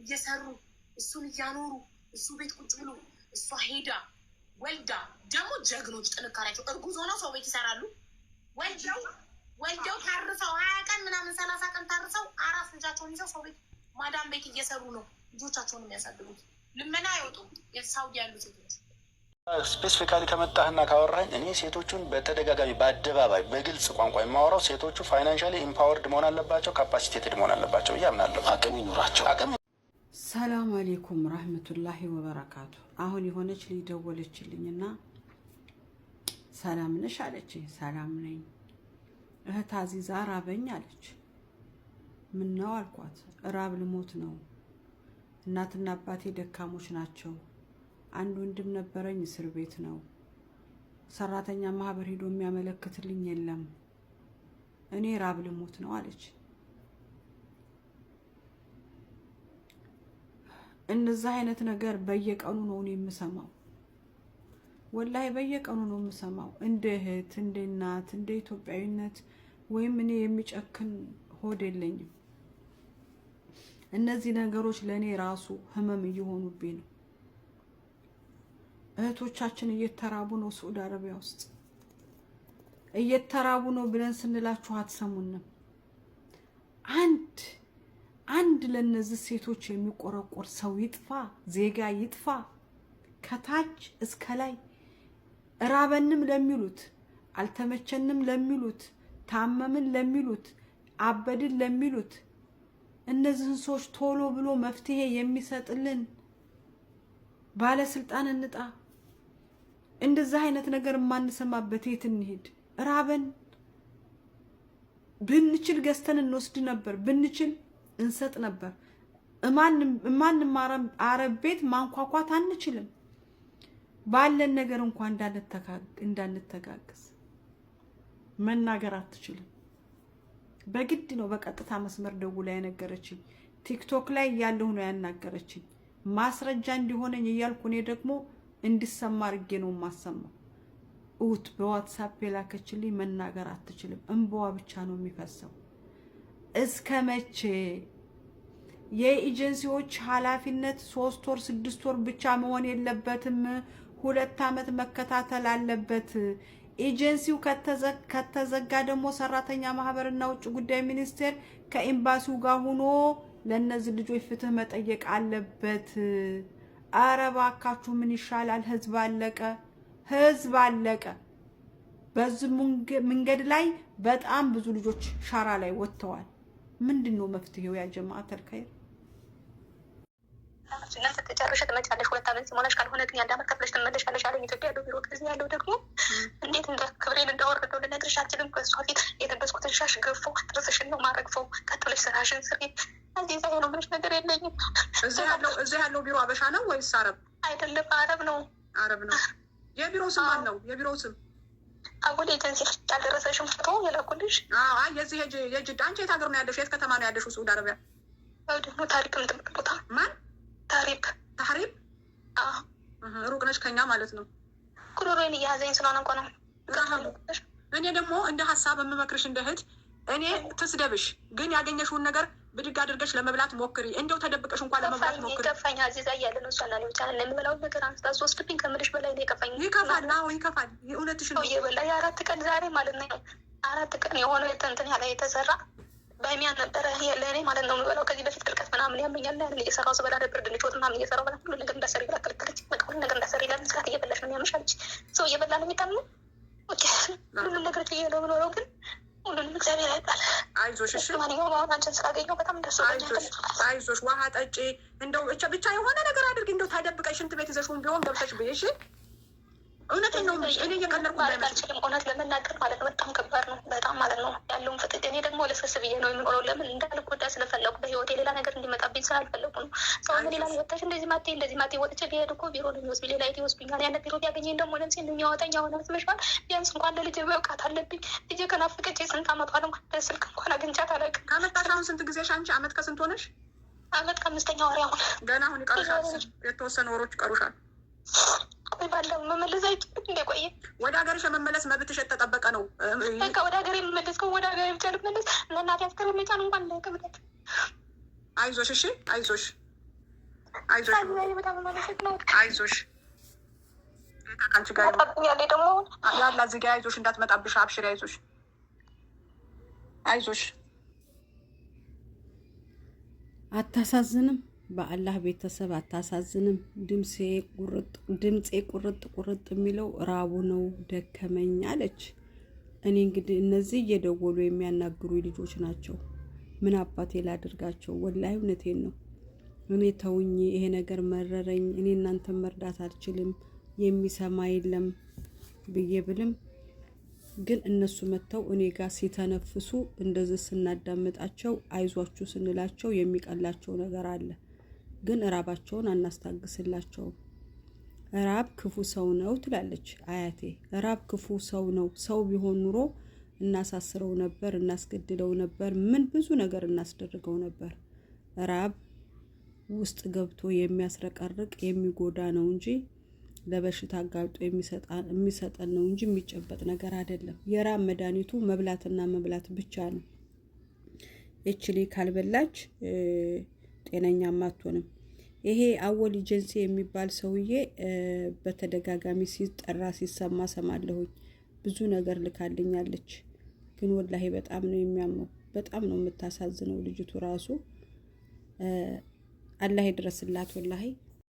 እየሰሩ እሱን እያኖሩ እሱ ቤት ቁጭ ብሎ እሷ ሄዳ ወልዳ ደግሞ ጀግኖች ጥንካሬያቸው እርጉዞ ሆነው ሰው ቤት ይሰራሉ። ወልደው ወልደው ታርሰው ሀያ ቀን ምናምን ሰላሳ ቀን ታርሰው አራስ ልጃቸውን ይዘው ሰው ቤት ማዳም ቤት እየሰሩ ነው ልጆቻቸውን የሚያሳድጉት። ልመና አይወጡም የሳውዲ ያሉ ሴቶች ስፔሲፊካሊ ከመጣህና ካወራኝ እኔ ሴቶቹን በተደጋጋሚ በአደባባይ በግልጽ ቋንቋ የማወራው ሴቶቹ ፋይናንሻሊ ኢምፓወርድ መሆን አለባቸው፣ ካፓሲቴትድ መሆን አለባቸው ብዬ አምናለሁ። አቅም ይኑራቸው። ሰላም አሌይኩም ራህመቱላሂ ወበረካቱ። አሁን የሆነች ሊደወለችልኝና ሰላም ነሽ አለች። ሰላም ነኝ እህት አዚዛ ራበኝ አለች። ምነው አልኳት፣ ራብ ልሞት ነው። እናትና አባቴ ደካሞች ናቸው አንድ ወንድም ነበረኝ፣ እስር ቤት ነው። ሰራተኛ ማህበር ሄዶ የሚያመለክትልኝ የለም። እኔ ራብ ልሞት ነው አለች። እነዛ አይነት ነገር በየቀኑ ነው የምሰማው። ወላሂ በየቀኑ ነው የምሰማው። እንደ እህት፣ እንደ እናት፣ እንደ ኢትዮጵያዊነት ወይም እኔ የሚጨክን ሆድ የለኝም። እነዚህ ነገሮች ለእኔ ራሱ ህመም እየሆኑብኝ ነው። እህቶቻችን እየተራቡ ነው። ሱዑድ አረቢያ ውስጥ እየተራቡ ነው ብለን ስንላችሁ አትሰሙንም። አንድ አንድ ለነዚህ ሴቶች የሚቆረቆር ሰው ይጥፋ፣ ዜጋ ይጥፋ። ከታች እስከ ላይ እራበንም ለሚሉት አልተመቸንም ለሚሉት ታመምን ለሚሉት አበድን ለሚሉት እነዚህን ሰዎች ቶሎ ብሎ መፍትሄ የሚሰጥልን ባለስልጣን እንጣ። እንደዛ አይነት ነገር የማንሰማበት የት እንሄድ? ራበን። ብንችል ገዝተን እንወስድ ነበር፣ ብንችል እንሰጥ ነበር። ማንም አረብ ቤት ማንኳኳት አንችልም። ባለን ነገር እንኳ እንዳንተጋግዝ መናገር አትችልም። በግድ ነው። በቀጥታ መስመር ደውላ የነገረችኝ ቲክቶክ ላይ ያለሁ ነው ያናገረችኝ ማስረጃ እንዲሆነኝ እያልኩ እኔ ደግሞ እንዲሰማ አድርጌ ነው የማሰማው። እውት በዋትሳፕ የላከችልኝ መናገር አትችልም፣ እንባዋ ብቻ ነው የሚፈሰው። እስከ መቼ የኤጀንሲዎች ኃላፊነት ሶስት ወር ስድስት ወር ብቻ መሆን የለበትም። ሁለት ዓመት መከታተል አለበት። ኤጀንሲው ከተዘጋ ደግሞ ሰራተኛ ማህበርና ውጭ ጉዳይ ሚኒስቴር ከኤምባሲው ጋር ሆኖ ለእነዚህ ልጆች ፍትህ መጠየቅ አለበት። ኧረ እባካችሁ ምን ይሻላል? ህዝብ አለቀ፣ ህዝብ አለቀ። በዚህ መንገድ ላይ በጣም ብዙ ልጆች ሻራ ላይ ወጥተዋል። ምንድን ነው መፍትሄው? ያ ጀማዓት አልከይር ነፍሰ ተጨርሽ ትመጫለሽ። ሁለት አመት ሲሞላሽ ካልሆነ ግን የአንድ ዓመት ከፍለሽ ትመለሻለሽ አለኝ። ኢትዮጵያ ያለው ቢሮ ከዚህ ያለው ደግሞ እንዴት እንደ ክብሬን እንዳወረደው ልነግርሽ አልችልም። ከእሷ ፊት የለበስኩትን ሻሽ ገፎ ጥርስሽን ነው ማረግፈው። ቀጥ ብለሽ ስራሽን ስሪ እዚህ ጸጉር ነገር የለኝም። እዚህ ያለው ቢሮ አበሻ ነው ወይስ አረብ? አይደለም አረብ ነው። አረብ ነው። የቢሮ ስም ማን ነው? የቢሮ ስም አጉል ኤጀንሲ ያደረሰሽም ፎቶ የላኩልሽ። የዚህ የጅዳ አንቺ የት ሀገር ነው ያለሽ? የት ከተማ ነው ያለሽ? ሳውዲ አረቢያ ደግሞ ታሪክ የምትባል ቦታ ማን ታሪክ ታሪብ ሩቅ ነች ከኛ ማለት ነው። ጉሮሮዬን እያያዘኝ ስለሆነ እኮ ነው። እኔ ደግሞ እንደ ሀሳብ የምመክርሽ እንደ እህት እኔ ትስደብሽ፣ ግን ያገኘሽውን ነገር ብድግ አድርገሽ ለመብላት ሞክሪ። እንደው ተደብቀሽ እንኳን ለመብላት ሞክሪ። ይከፋኝ አዚዛ እያለ ነው እሷና እኔ ብቻ ነገር አንስታ ሶስድብኝ ከምልሽ በላይ ነው የከፋኝ። ይከፋል፣ አዎ ይከፋል። እውነትሽ ነው። እየበላ የአራት ቀን ዛሬ ማለት ነው አራት ቀን የሆነ እንትን ያለ የተሰራ በሚያ ነበረ ለእኔ ማለት ነው የምበላው። ከዚህ በፊት ቅልቀት ምናምን ያመኛል ያን እየሰራው ስበላ ነበር። ድንች ወጥ ምናምን እየሰራው በላ ሁሉ ነገር እንዳሰሪ ብላ ከለከለች። በቃ ሁሉ ነገር እንዳሰሪ ለምስራት እየበላሽ ነው የሚያመሻለች። ሰው እየበላ ነው የሚጣምነው ምንም ነገር ጭዬ ነው የምኖረው ግን አይዞሽ ውሃ ጠጪ፣ እንደው ብቻ የሆነ ነገር አድርጊ። እንደው ታደብቀሽ ሽንት ቤት ይዘሽውን ቢሆን ገብተሽ ብዬሽ እውነት ነው የምልሽ። እኔ እየቀለድኩ አልችልም፣ እውነት ለመናገር ማለት ነው። በጣም ከባድ ነው፣ በጣም ማለት ነው ያለውን ፍጥ እኔ ደግሞ ለስስ ብዬ ነው የምኖረው። ለምን እንዳልጎዳ ስለፈለጉ በህይወት የሌላ ነገር እንዲመጣብኝ ስላልፈለጉ ነው። ሰው ሌላ ወታሽ እንደዚህ ማቴ እንደዚህ ማቴ ወጥቼ ሊሄድ እኮ ቢሮ ነው የሚወስድ ሌላ የት ይወስዱኛል። ያለ ቢሮ ቢያገኘኝ ደግሞ ለምሴ እንደሚያወጣኝ አሁን ስመሽል ቢያንስ እንኳን ለልጅ መብቃት አለብኝ። ልጅ ከናፍቀች ስንት አመቷ ነው? በስልክ እንኳን አግኝቻት አለቅ ከመጣሽ አሁን ስንት ጊዜሽ አንቺ? አመት ከስንት ሆነሽ? አመት ከአምስተኛ ወር አሁን ገና አሁን ይቀሩሻል። የተወሰኑ ወሮች ይቀሩሻል። ባለው መመለስ አይች እንደቆየ ወደ ሀገርሽ የመመለስ መብትሽ የተጠበቀ ነው። በቃ ወደ ሀገር የመመለስ ከሆነ ወደ ሀገር ብቻ ልመለስ። ለእናት ያስከር መጫን እንኳን ለቅብለት አይዞሽ፣ እሺ አይዞሽ፣ አይዞሽ፣ አይዞሽ ያለ ደግሞ ያላ ዝጋ አይዞሽ፣ እንዳትመጣብሽ አብሽር፣ አይዞሽ፣ አይዞሽ። አታሳዝንም? በአላህ ቤተሰብ አታሳዝንም? ድምፄ ቁርጥ ቁርጥ የሚለው ራቡ ነው ደከመኝ አለች። እኔ እንግዲህ እነዚህ እየደወሉ የሚያናግሩ ልጆች ናቸው። ምን አባቴ ላድርጋቸው? ወላሂ እውነቴን ነው። እኔ ተውኝ፣ ይሄ ነገር መረረኝ፣ እኔ እናንተን መርዳት አልችልም፣ የሚሰማ የለም ብዬ ብልም ግን እነሱ መጥተው እኔ ጋር ሲተነፍሱ እንደዚህ ስናዳምጣቸው አይዟችሁ ስንላቸው የሚቀላቸው ነገር አለ። ግን ራባቸውን አናስታግስላቸውም። ራብ ክፉ ሰው ነው ትላለች አያቴ። ራብ ክፉ ሰው ነው። ሰው ቢሆን ኑሮ እናሳስረው ነበር፣ እናስገድለው ነበር፣ ምን ብዙ ነገር እናስደርገው ነበር። ራብ ውስጥ ገብቶ የሚያስረቀርቅ የሚጎዳ ነው እንጂ ለበሽታ አጋልጦ የሚሰጠን ነው እንጂ የሚጨበጥ ነገር አይደለም። የራብ መድኃኒቱ መብላትና መብላት ብቻ ነው። እችሌ ካልበላች ጤነኛም አትሆንም። ይሄ አወል ኤጀንሲ የሚባል ሰውዬ በተደጋጋሚ ሲጠራ ሲሰማ ሰማለሁኝ። ብዙ ነገር ልካልኛለች፣ ግን ወላሄ በጣም ነው የሚያምነው። በጣም ነው የምታሳዝነው ልጅቱ ራሱ። አላህ ድረስላት ወላሄ።